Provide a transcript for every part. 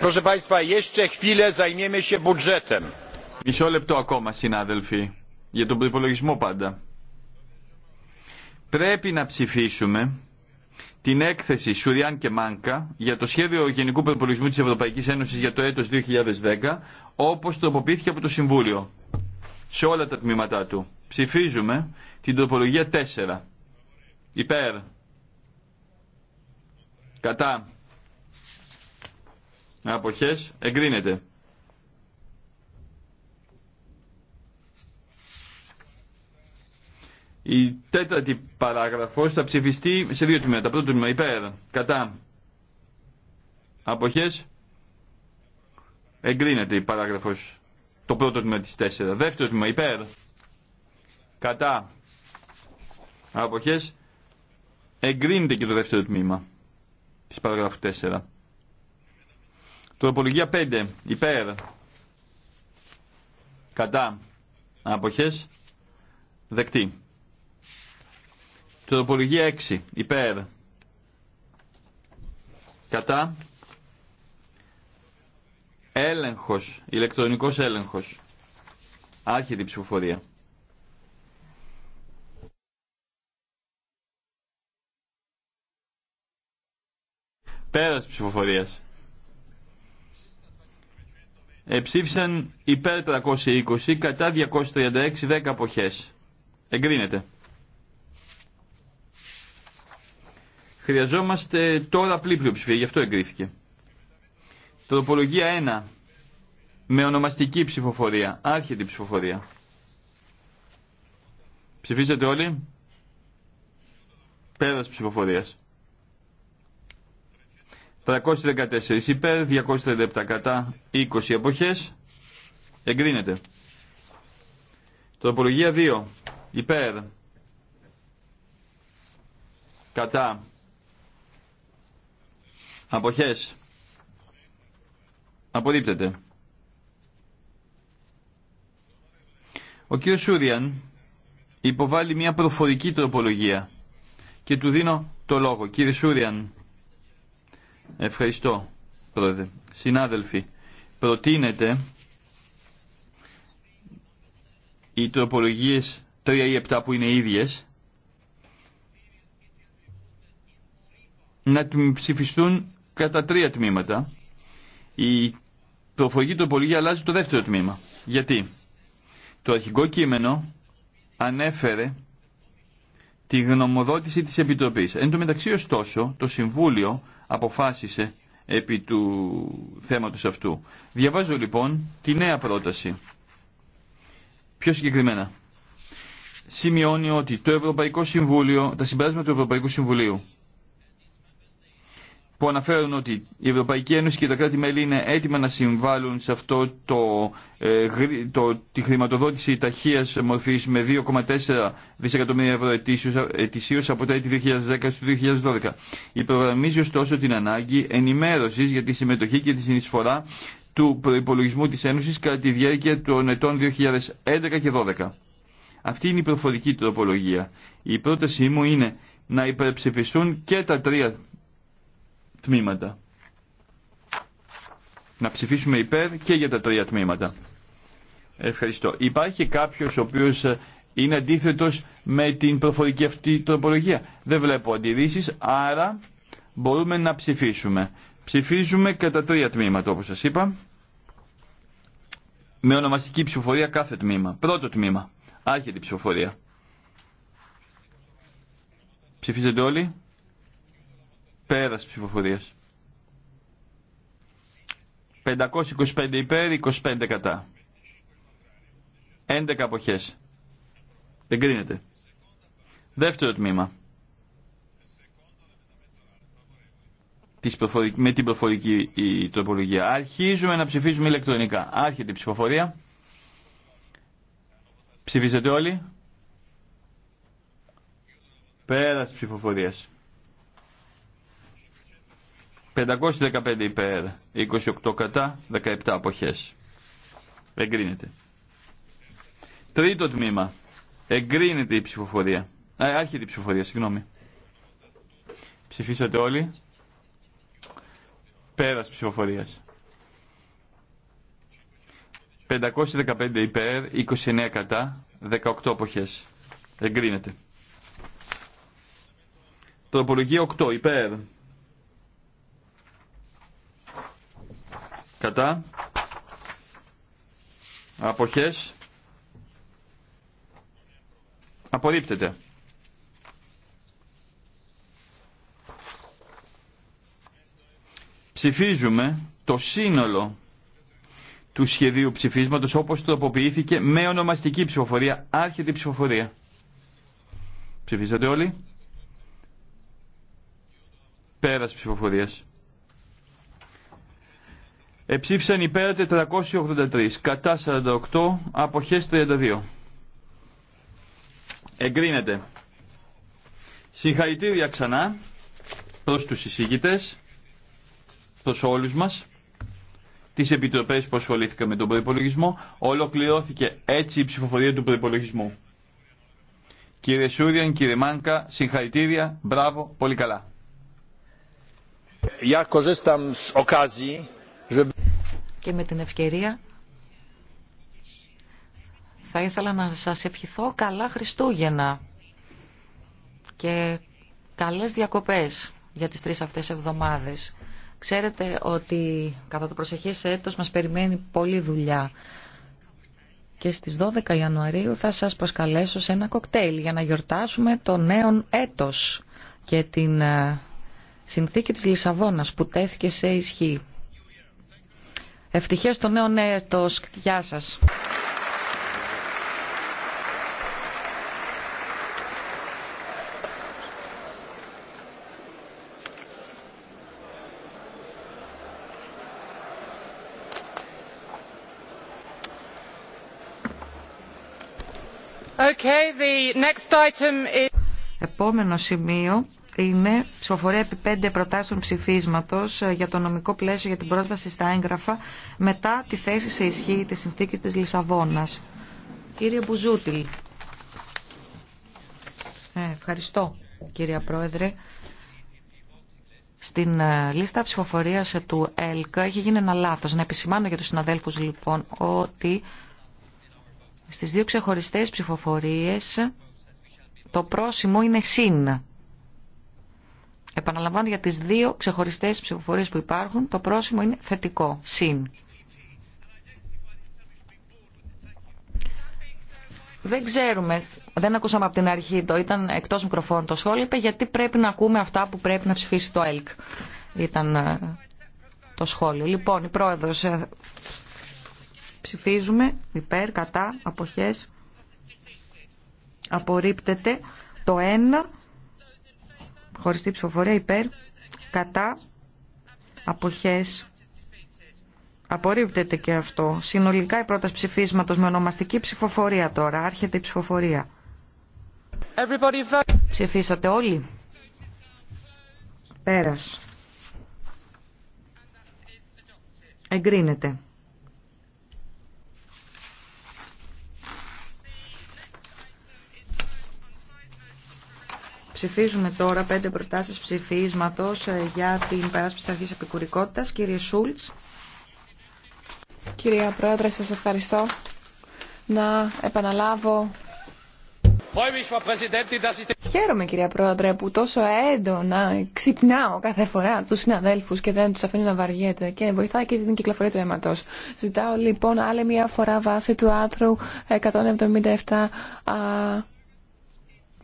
Proszę ε, Państwa, jeszcze chwilę zajmiemy się budżetem. Μισό λεπτό ακόμα, συνάδελφοι, για τον προπολογισμό πάντα. Πρέπει να ψηφίσουμε την έκθεση Σουριάν και Μάνκα για το σχέδιο Γενικού Προπολογισμού της Ευρωπαϊκής Ένωσης για το έτος 2010, όπως τροποποιήθηκε από το Συμβούλιο, σε όλα τα τμήματά του. Ψηφίζουμε την τροπολογία 4. Υπέρ. Κατά αποχές εγκρίνεται. Η τέταρτη παράγραφος θα ψηφιστεί σε δύο τμήματα. Πρώτο τμήμα υπέρ, κατά, αποχές, εγκρίνεται η παράγραφος, το πρώτο τμήμα της τέσσερα. Δεύτερο τμήμα υπέρ, κατά, αποχές, εγκρίνεται και το δεύτερο τμήμα της παράγραφου τέσσερα. Τροπολογία 5. Υπέρ. Κατά. Αποχές. Δεκτή. Τροπολογία 6. Υπέρ. Κατά. Έλεγχος. Ηλεκτρονικός έλεγχος. Άρχιτη ψηφοφορία. Πέρας ψηφοφορίας. Ε, ψήφισαν υπέρ 320, κατά 236, 10 αποχές. Εγκρίνεται. Χρειαζόμαστε τώρα απλή πλειοψηφία, γι' αυτό εγκρίθηκε. Τροπολογία 1. Με ονομαστική ψηφοφορία. Άρχεται η ψηφοφορία. Ψηφίσατε όλοι. Πέρας ψηφοφορίας. 314 υπέρ, 237 κατά, 20 εποχές. Εγκρίνεται. Τροπολογία 2. Υπέρ. Κατά. Αποχές. Απορρίπτεται. Ο κύριο Σούριαν υποβάλλει μια προφορική τροπολογία και του δίνω το λόγο. Κύριε Σούριαν, Ευχαριστώ, Πρόεδρε. Συνάδελφοι, προτείνεται οι τροπολογίες 3 ή 7 που είναι ίδιες να ψηφιστούν κατά τρία τμήματα. Η προφορική τροπολογία αλλάζει το δεύτερο τμήμα. Γιατί το αρχικό κείμενο ανέφερε τη γνωμοδότηση της Επιτροπής. Εν τω μεταξύ ωστόσο το Συμβούλιο αποφάσισε επί του θέματος αυτού. Διαβάζω λοιπόν τη νέα πρόταση. Πιο συγκεκριμένα. Σημειώνει ότι το Ευρωπαϊκό Συμβούλιο, τα συμπεράσματα του Ευρωπαϊκού Συμβουλίου που αναφέρουν ότι η Ευρωπαϊκή Ένωση και τα κράτη-μέλη είναι έτοιμα να συμβάλλουν σε αυτό το, ε, το, τη χρηματοδότηση ταχεία μορφή με 2,4 δισεκατομμύρια ευρώ ετησίω από τα έτη 2010 στο 2012. Υπογραμμίζει ωστόσο την ανάγκη ενημέρωση για τη συμμετοχή και τη συνεισφορά του προπολογισμού τη Ένωση κατά τη διάρκεια των ετών 2011 και 2012. Αυτή είναι η προφορική τροπολογία. Η πρότασή μου είναι να υπερψηφιστούν και τα τρία τμήματα. Να ψηφίσουμε υπέρ και για τα τρία τμήματα. Ευχαριστώ. Υπάρχει κάποιος ο οποίος ε, είναι αντίθετος με την προφορική αυτή τροπολογία. Δεν βλέπω αντιρρήσεις, άρα μπορούμε να ψηφίσουμε. Ψηφίζουμε κατά τρία τμήματα όπως σας είπα. Με ονομαστική ψηφοφορία κάθε τμήμα. Πρώτο τμήμα. Άρχεται η ψηφοφορία. Ψηφίζετε όλοι. Πέρας ψηφοφορίας. 525 υπέρ, 25 κατά. 11 αποχές. Εγκρίνεται. Δεύτερο τμήμα. με την προφορική η τροπολογία. Αρχίζουμε να ψηφίζουμε ηλεκτρονικά. Άρχεται η ψηφοφορία. Ψηφίσατε όλοι. Πέρας ψηφοφορίας. 515 υπέρ, 28 κατά, 17 αποχές. Εγκρίνεται. Τρίτο τμήμα. Εγκρίνεται η ψηφοφορία. Α, άρχεται η ψηφοφορία, συγγνώμη. Ψηφίσατε όλοι. Πέρας ψηφοφορίας. 515 υπέρ, 29 κατά, 18 αποχές. Εγκρίνεται. Τροπολογία 8 υπέρ, κατά αποχές απορρίπτεται. Ψηφίζουμε το σύνολο του σχεδίου ψηφίσματος όπως τροποποιήθηκε με ονομαστική ψηφοφορία, άρχεται ψηφοφορία. Ψηφίσατε όλοι. Πέρας ψηφοφορίας. Εψήφισαν υπέρ 483, κατά 48, αποχές 32. Εγκρίνεται. Συγχαρητήρια ξανά προς τους εισηγητές, προς όλους μας, τις επιτροπές που ασχολήθηκαν με τον προϋπολογισμό. Ολοκληρώθηκε έτσι η ψηφοφορία του προϋπολογισμού. Κύριε Σούριαν, κύριε Μάνκα, συγχαρητήρια, μπράβο, πολύ καλά και με την ευκαιρία θα ήθελα να σας ευχηθώ καλά Χριστούγεννα και καλές διακοπές για τις τρεις αυτές εβδομάδες. Ξέρετε ότι κατά το προσεχές έτος μας περιμένει πολλή δουλειά και στις 12 Ιανουαρίου θα σας προσκαλέσω σε ένα κοκτέιλ για να γιορτάσουμε το νέο έτος και την ε, συνθήκη της Λισαβόνας που τέθηκε σε ισχύ. Ευτυχές στο νέο νέο έτος. Γεια σας. Okay, the next item is... Επόμενο σημείο είναι ψηφοφορία επί πέντε προτάσεων ψηφίσματος ε, για το νομικό πλαίσιο για την πρόσβαση στα έγγραφα μετά τη θέση σε ισχύ της συνθήκη της Λισαβόνα. Κύριε Μπουζούτιλ. Ε, ευχαριστώ κύριε Πρόεδρε. Στην ε, λίστα ψηφοφορία του ΕΛΚΑ έχει γίνει ένα λάθο. Να επισημάνω για του συναδέλφου λοιπόν ότι στι δύο ξεχωριστέ ψηφοφορίε το πρόσημο είναι συν. Επαναλαμβάνω για τις δύο ξεχωριστές ψηφοφορίες που υπάρχουν, το πρόσημο είναι θετικό, συν. Δεν ξέρουμε, δεν ακούσαμε από την αρχή, το ήταν εκτός μικροφώνου το σχόλιο, είπε γιατί πρέπει να ακούμε αυτά που πρέπει να ψηφίσει το ΕΛΚ. Ήταν ε, το σχόλιο. Λοιπόν, η πρόεδρος ε, ψηφίζουμε υπέρ, κατά, αποχές, απορρίπτεται το 1 Χωριστή ψηφοφορία υπέρ, κατά, αποχές. Απορρίπτεται και αυτό. Συνολικά η πρόταση ψηφίσματος με ονομαστική ψηφοφορία τώρα. Άρχεται η ψηφοφορία. Ψηφίσατε όλοι. Πέρας. Εγκρίνεται. Ψηφίζουμε τώρα πέντε προτάσεις ψηφίσματος ε, για την περάσπιση αρχής επικουρικότητας. Κύριε Σούλτς. Κυρία Πρόεδρε, σας ευχαριστώ. Να επαναλάβω Χαίρομαι κυρία Πρόεδρε που τόσο έντονα ξυπνάω κάθε φορά του συναδέλφου και δεν του αφήνω να βαριέται και βοηθάει και την κυκλοφορία του αίματο. Ζητάω λοιπόν άλλη μια φορά βάση του άρθρου 177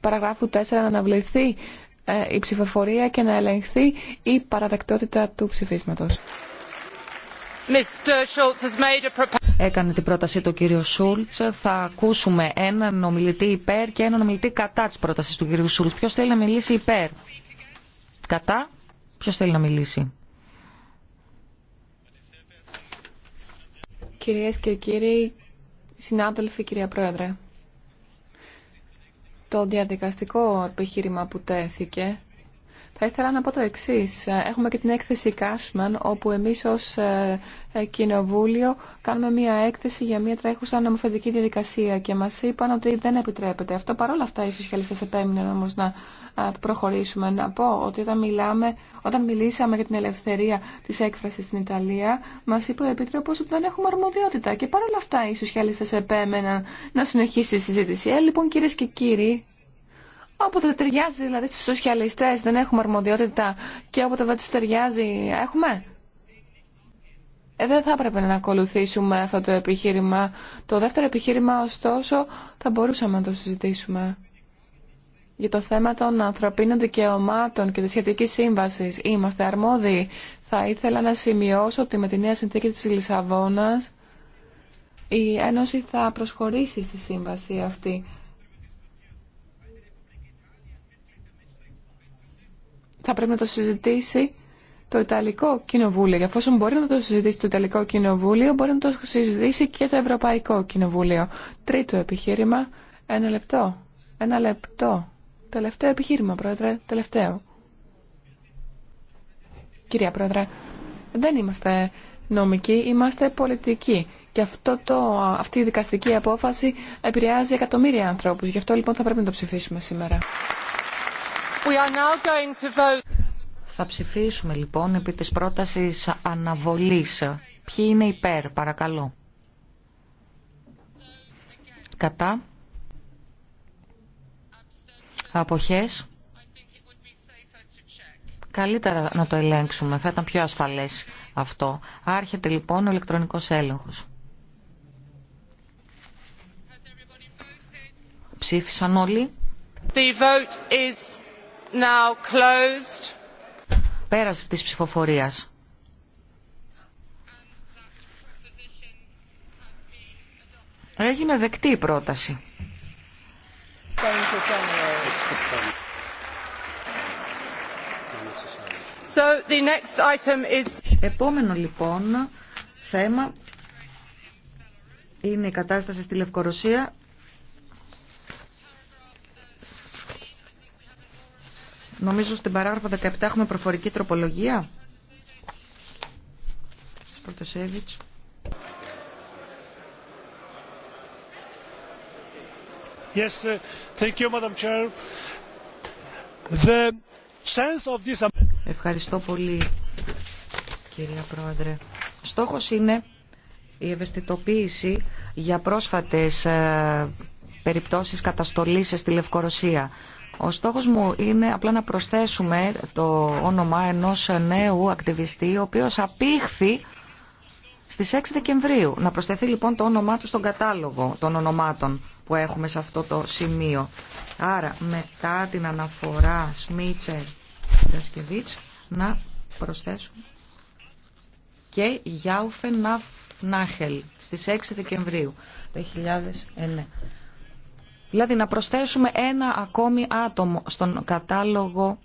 παραγράφου 4 να αναβληθεί ε, η ψηφοφορία και να ελεγχθεί η παραδεκτότητα του ψηφίσματος. Έκανε την πρόταση το κύριο Σούλτ. Θα ακούσουμε έναν ομιλητή υπέρ και έναν ομιλητή κατά τη πρόταση του κύριου Σούλτ. Ποιο θέλει να μιλήσει υπέρ. Κατά. Ποιο θέλει να μιλήσει. Κυρίες και κύριοι, συνάδελφοι, κυρία Πρόεδρε. Το διαδικαστικό επιχείρημα που τέθηκε θα ήθελα να πω το εξή. Έχουμε και την έκθεση Κάσμαν, όπου εμεί ω ε, ε, κοινοβούλιο κάνουμε μία έκθεση για μία τρέχουσα νομοθετική διαδικασία και μα είπαν ότι δεν επιτρέπεται. Αυτό παρόλα αυτά οι σοσιαλιστέ επέμειναν όμω να προχωρήσουμε. Να πω ότι όταν, μιλάμε, όταν μιλήσαμε για την ελευθερία τη έκφραση στην Ιταλία, μα είπε ο Επίτροπο ότι δεν έχουμε αρμοδιότητα. Και παρ' όλα αυτά οι σοσιαλιστέ επέμεναν να συνεχίσει η συζήτηση. Ε, λοιπόν, κυρίε και κύριοι, Όποτε ταιριάζει δηλαδή στους σοσιαλιστές δεν έχουμε αρμοδιότητα και όποτε δεν τους ταιριάζει έχουμε. Ε, δεν θα έπρεπε να ακολουθήσουμε αυτό το επιχείρημα. Το δεύτερο επιχείρημα ωστόσο θα μπορούσαμε να το συζητήσουμε. Για το θέμα των ανθρωπίνων δικαιωμάτων και της σχετικής σύμβασης είμαστε αρμόδιοι. Θα ήθελα να σημειώσω ότι με τη νέα συνθήκη της Λισαβόνας η Ένωση θα προσχωρήσει στη σύμβαση αυτή. θα πρέπει να το συζητήσει το Ιταλικό Κοινοβούλιο. Γιαφόσον μπορεί να το συζητήσει το Ιταλικό Κοινοβούλιο, μπορεί να το συζητήσει και το Ευρωπαϊκό Κοινοβούλιο. Τρίτο επιχείρημα, ένα λεπτό. Ένα λεπτό. Τελευταίο επιχείρημα, Πρόεδρε. Τελευταίο. Κυρία Πρόεδρε, δεν είμαστε νομικοί, είμαστε πολιτικοί. Και αυτό το, αυτή η δικαστική απόφαση επηρεάζει εκατομμύρια ανθρώπους. Γι' αυτό λοιπόν θα πρέπει να το ψηφίσουμε σήμερα. Θα ψηφίσουμε λοιπόν επί της πρότασης αναβολής. Ποιοι είναι υπέρ, παρακαλώ. Κατά. Αποχές. Καλύτερα να το ελέγξουμε, θα ήταν πιο ασφαλές αυτό. Άρχεται λοιπόν ο ηλεκτρονικός έλεγχος. Ψήφισαν όλοι. The vote is now closed. Πέρασε της ψηφοφορίας. Έγινε δεκτή η πρόταση. Επόμενο λοιπόν θέμα είναι η κατάσταση στη Λευκορωσία Νομίζω στην παράγραφο 17 έχουμε προφορική τροπολογία. Yes, thank you, Madam Chair. The sense of this... Ευχαριστώ πολύ, κυρία Πρόεδρε. Στόχος είναι η ευαισθητοποίηση για πρόσφατες ε, περιπτώσεις καταστολής στη Λευκορωσία. Ο στόχος μου είναι απλά να προσθέσουμε το όνομα ενός νέου ακτιβιστή, ο οποίος απήχθη στις 6 Δεκεμβρίου. Να προσθεθεί λοιπόν το όνομά του στον κατάλογο των ονομάτων που έχουμε σε αυτό το σημείο. Άρα μετά την αναφορά Σμίτσερ Δασκεβίτς να προσθέσουμε και Γιάουφε Νάχελ στις 6 Δεκεμβρίου 2009. Δηλαδή να προσθέσουμε ένα ακόμη άτομο στον κατάλογο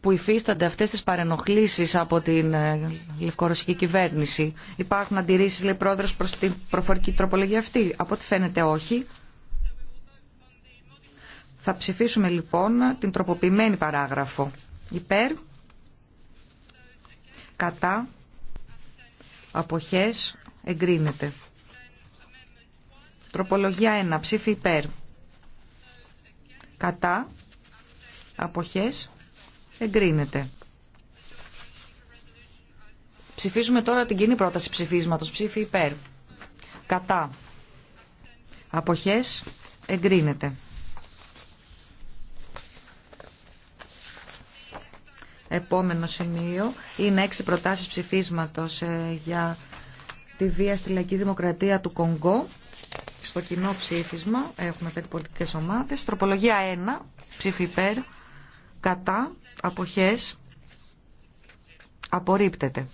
που υφίστανται αυτές τις παρενοχλήσεις από την ε, λευκορωσική κυβέρνηση. Υπάρχουν αντιρρήσεις, λέει πρόεδρος, προς την προφορική τροπολογία αυτή. Από ό,τι φαίνεται όχι. Θα ψηφίσουμε λοιπόν την τροποποιημένη παράγραφο. Υπέρ, κατά, αποχές, εγκρίνεται. Τροπολογία 1. Ψήφι υπέρ. Κατά. Αποχές. Εγκρίνεται. Ψηφίζουμε τώρα την κοινή πρόταση ψηφίσματος. Ψήφι υπέρ. Κατά. Αποχές. Εγκρίνεται. Επόμενο σημείο είναι έξι προτάσεις ψηφίσματος ε, για τη βία στη λαϊκή δημοκρατία του Κονγκό στο κοινό ψήφισμα. Έχουμε πέντε πολιτικέ ομάδε. Τροπολογία 1, ψήφι υπέρ, κατά, αποχέ, απορρίπτεται.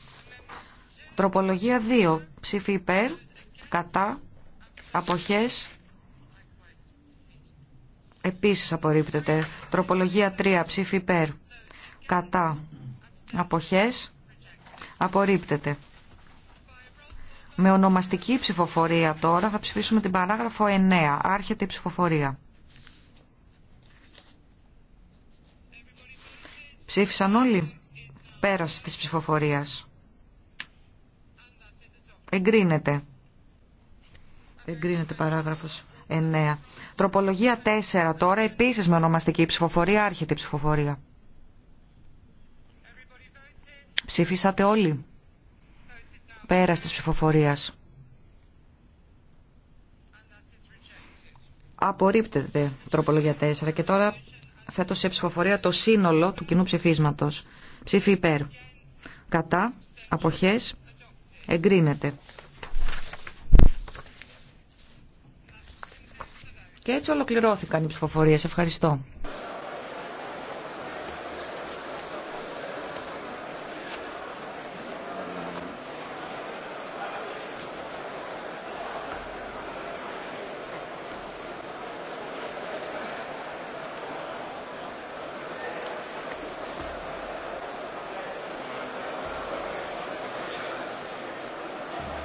Τροπολογία 2, ψήφι υπέρ, κατά, απόχέ. επίσης απορρίπτεται. Τροπολογία 3, ψήφι υπέρ, κατά, αποχές, απορρίπτεται. Με ονομαστική ψηφοφορία τώρα θα ψηφίσουμε την παράγραφο 9. Άρχεται η ψηφοφορία. Ψήφισαν όλοι πέραση της ψηφοφορίας. Εγκρίνεται. Εγκρίνεται παράγραφος 9. Τροπολογία 4 τώρα, επίσης με ονομαστική ψηφοφορία, άρχεται η ψηφοφορία. Ψήφισατε όλοι. Πέρας της ψηφοφορίας. Απορρίπτεται τροπολογία 4 και τώρα θέτω σε ψηφοφορία το σύνολο του κοινού ψηφίσματος. Ψήφι υπέρ. Κατά. Αποχές. Εγκρίνεται. Και έτσι ολοκληρώθηκαν οι ψηφοφορίες. Ευχαριστώ.